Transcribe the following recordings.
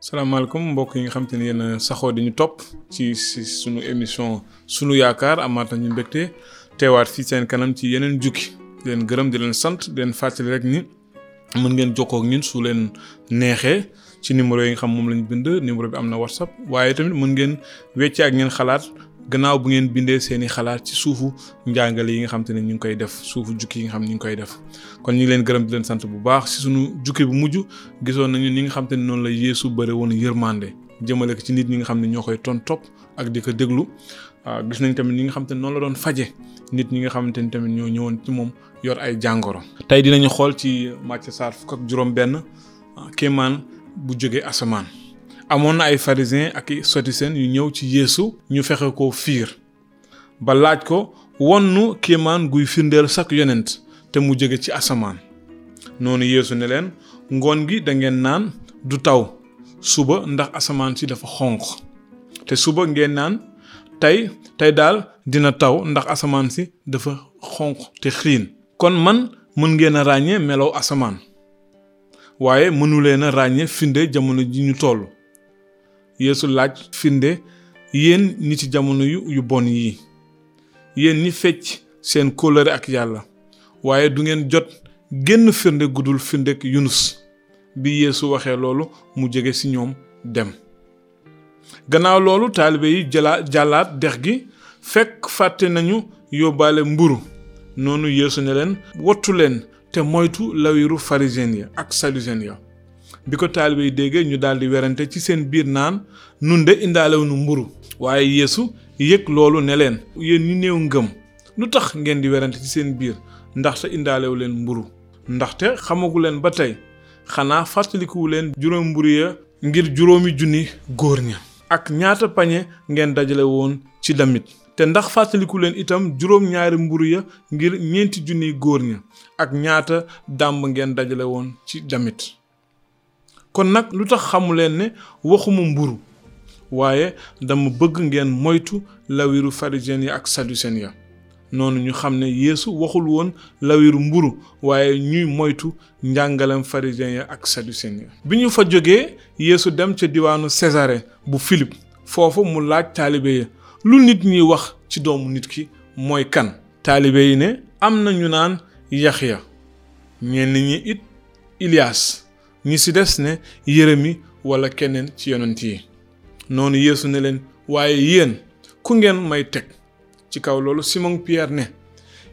salaamaaleykum mbokk yi nga xam te ne yéen saxoo di ñu topp ci si suñu émission suñu yaakaar amaat ñu mbégte teewaat fii seen kanam ci yeneen jukki leen gërëm di leen sant di leen fàttali rek ni mën ngeen jokkoo ak ñun su leen neexee ci numéro yi nga xam moom lañ bind numéro bi am na whatsapp waaye tamit mun ngeen wecce ak ngeen xalaat. gannaaw bu ngeen bindee seeni xalaat ci suufu njàngale yi nga xam te ne ñu ngi koy def suufu jukki yi nga xam ne ñu ngi koy def kon ñu leen gërëm di leen sant bu baax si sunu jukki bu mujj gisoon nañu ni nga xam te ne noonu la yeesu bëre woon yërmande jëmale ko ci nit ñi nga xam ne ñoo koy ton topp ak di ko déglu waaw ah, gis nañ tamit ñi nga xam te ne noonu la doon faje nit ñi nga xamante ni tamit ñoo ñëwoon ci moom yor ay jàngoro. tey dinañu xool ci Matthieu saar fukk ak juróom benn ah, kéemaan bu jógee asamaan amoon na ay pharisiens ak i sadducéens yu ñëw ci yeesu ñu fexe ko fiir ba laaj ko wonnu kéemaan guy firndeel sak yonent te mu jóge ci asamaan noonu yéesu ne leen ngoon gi dangeen naan du taw suba ndax asamaan si dafa xonq te suba ngeen naan tey tey daal dina taw ndax asamaan si dafa xonq te xiin kon man mën ngeen a ràññee melow asamaan waaye mënu leen a ràññee finde jamono ji ñu toll yeesu laaj firnde yéen ñi ci jamono yu bon yi yéen ñi fecc seen kóllëre ak yàlla waaye du ngeen jot génn firnde guddul firndek yunus bi yéesu waxee loolu mu jege ci ñoom dem gannaaw loolu taalibe yi jëlaa jàllaat dex gi fekk fàtte nañu yóbbaale mburu noonu yeesu ne leen wottu leen te moytu lawiru pharisien ya ak sadducéen ya bi ko taalibe yi déggee ñu daal di werante ci seen biir naan nun de indaalewunu mburu waaye yéesu yëg loolu ne leen yéen ñi néew ngëm lu tax ngeen di werante ci seen biir ndax ndaxte indaalewu leen mburu ndaxte xamagu leen ba tey xanaa fàttalikuwu leen juróom mburu ya ngir juróomi junni góor ña ak ñaata pañe ngeen dajale woon ci damit te ndax fàttaliku leen itam juróom-ñaari mburu ya ngir ñeenti junni góor ña ak ñaata dàmb ngeen dajale woon ci damit kon nag lu tax xamu leen ne waxuma mburu waaye dama bëgg ngeen moytu lawiru pharisien yi ak sadducéen ya noonu ñu xam ne yeesu waxul woon lawiru mburu waaye ñuy moytu njàngalem pharisien ya ak sadducéen ya bi ñu fa jógee yéesu dem ca diwaanu Césarée bu Philippe foofu mu laaj taalibe ya lu nit ñi wax ci doomu nit ki mooy kan taalibe yi ne am na ñu naan Yaxya ñenn ñi it Ilias ñi si des ne yërëmi wala keneen ci yonent yi noonu yéesu ne leen waaye yéen ku ngeen may teg ci kaw loolu Simon Pierre ne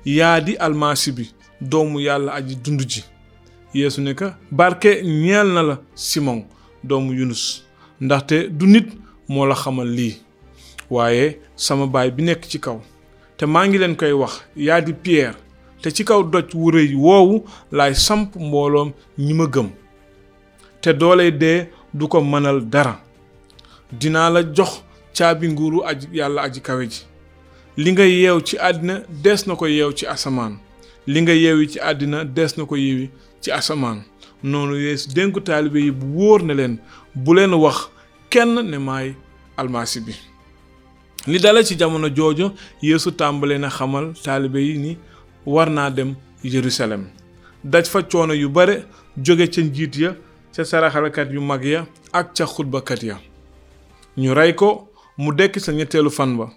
yaa di almasi bi doomu yàlla aji dund ji yéesu ne ka barke ñeel na la Simon doomu Yunus ndaxte du nit moo la xamal lii waaye sama baay bi nekk ci kaw te maa ngi leen koy wax yaa di Pierre te ci kaw doj wu rëy woowu laay samp mbooloom ñi ma gëm te dooley dee du ko mënal dara dinaa la jox caabi nguuru aji yàlla aji kawe ji li nga yeew ci àddina des na ko yeew ci asamaan li nga yeewi ci àddina dees na ko yeewi ci asamaan noonu yeesu dénku taalibe yi bu wóor ne leen bu leen wax kenn ne maay almasi bi li dale ci jamono joojo yéesu tàmbale na xamal taalibe yi ni war naa dem Yerusalem daj fa coono yu bare jóge ca njiit ya ca saraxalekat yu mag ya ak ca xutbakat ya ñu rey ko mu dekki sa ñetteelu fan ba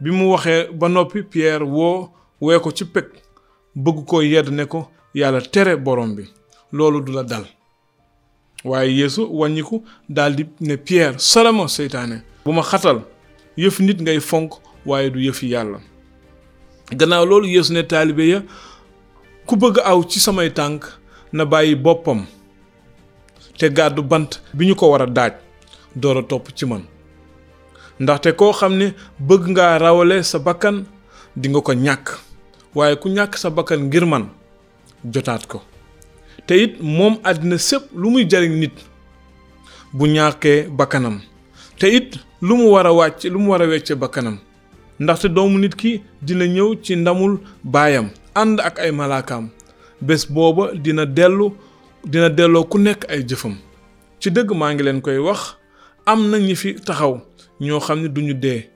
bi mu waxee ba noppi Pierre woo wee ko ci peg bëgg ko yedd ne ko yàlla tere borom bi loolu du la dal waaye Yeesu waññiku daldi ne Pierre salama seytaane bu ma xatal yëf nit ngay fonk waaye du yëfi yàlla gannaaw loolu Yeesu ne taalibe ya ku bëgg aw ci samay tànk na bàyyi boppam te gàddu bant bi ñu ko war a daaj door a topp ci man ndaxte koo xam ne bëgg ngaa rawale sa bakkan di nga ko ñàkk waaye ku ñàkk sa bakkan ngir man jotaat ko te it moom àddina sépp lu muy jariñ nit bu ñàkkee bakkanam te it lu mu war a wàcc lu mu war a wecce bakkanam ndaxte doomu nit ki dina ñëw ci ndamul baayam ànd ak ay malaakaam bés booba dina dellu dina delloo ku nekk ay jëfam ci dëgg maa ngi leen koy wax am na ñi fi taxaw ñoo xam ne duñu dee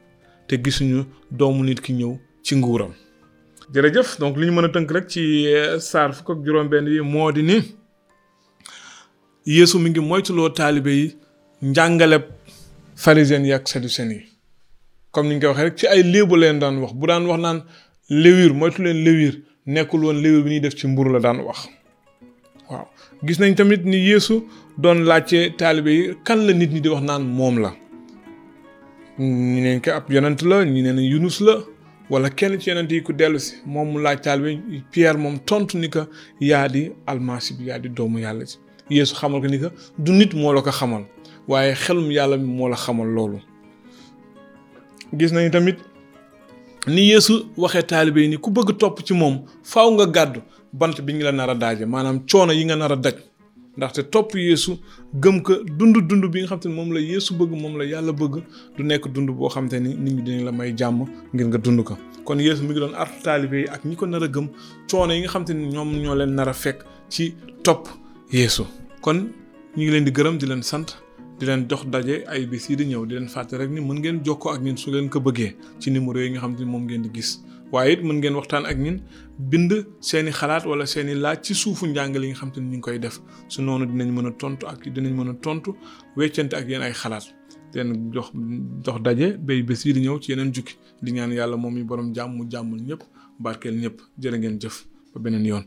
te gisuñu doomu nit ki ñëw ci nguuram. jërëjëf donc li ñu mën a tënk rek ci eh, saar fukk ak juróom-benn yi moo di ni yéesu mi ngi moytuloo taalibe yi njàngaleb pharisien yi ak saducéen yi comme ni ñu koy waxee rek ci ay léebu leen daan wax bu daan wax naan léwir moytu leen léwir nekkul woon léwir bi ñuy def ci mburu la daan wax. waaw gis nañ tamit ni yeesu doon laajte taalibe yi kan la nit ñi di wax naan moom la ñu neen ko ab yonant la ñu neen yunus la wala kenn ci yonent yi ku dellu si moom mu laaj taalibe Pierre moom tontu ni ko yaa di almasi bi yaa di doomu yàlla ci yeesu xamal ko ni ko du nit moo la ko xamal waaye xelum yàlla mi moo la xamal loolu gis nañ tamit ni yéesu waxee taalibe yi ni ku bëgg topp ci moom faw nga gàddu bant bi ñu la nar a daaje maanaam coono yi nga nar a daj ndaxte topp yéesu gëm ko dund dund bi nga xam te ne moom la yeesu bëgg moom la yàlla bëgg du nekk dund boo xam te ni nit ñi dinañ la may jàmm ngir nga dund ko kon yéesu mi ngi doon artu taalibe yi ak ñi ko nar a gëm coono yi nga xam te ni ñoom ñoo leen nara fekk ci topp yéesu kon ñu ngi leen di gërëm di leen sant di leen jox daje ay bis yi di ñëw di leen fàtte rek ni mën ngeen jokkoo ak ñun su ngeen ko bëggee ci numéro yi nga xam ne moom ngeen di gis waaye it mën ngeen waxtaan ak ñun bind seeni xalaat wala seeni laaj ci suufu njàngale yi nga xam te ni ñu ngi koy def su noonu dinañ mën a tontu ak dinañ mën a tontu weccante ak yéen ay xalaat di leen jox dox daje bay bés yi di ñëw ci yeneen jukki di ñaan yàlla moom mi borom jàmm jàmmul ñëpp barkeel ñëpp jërë ngeen jëf ba beneen yoon.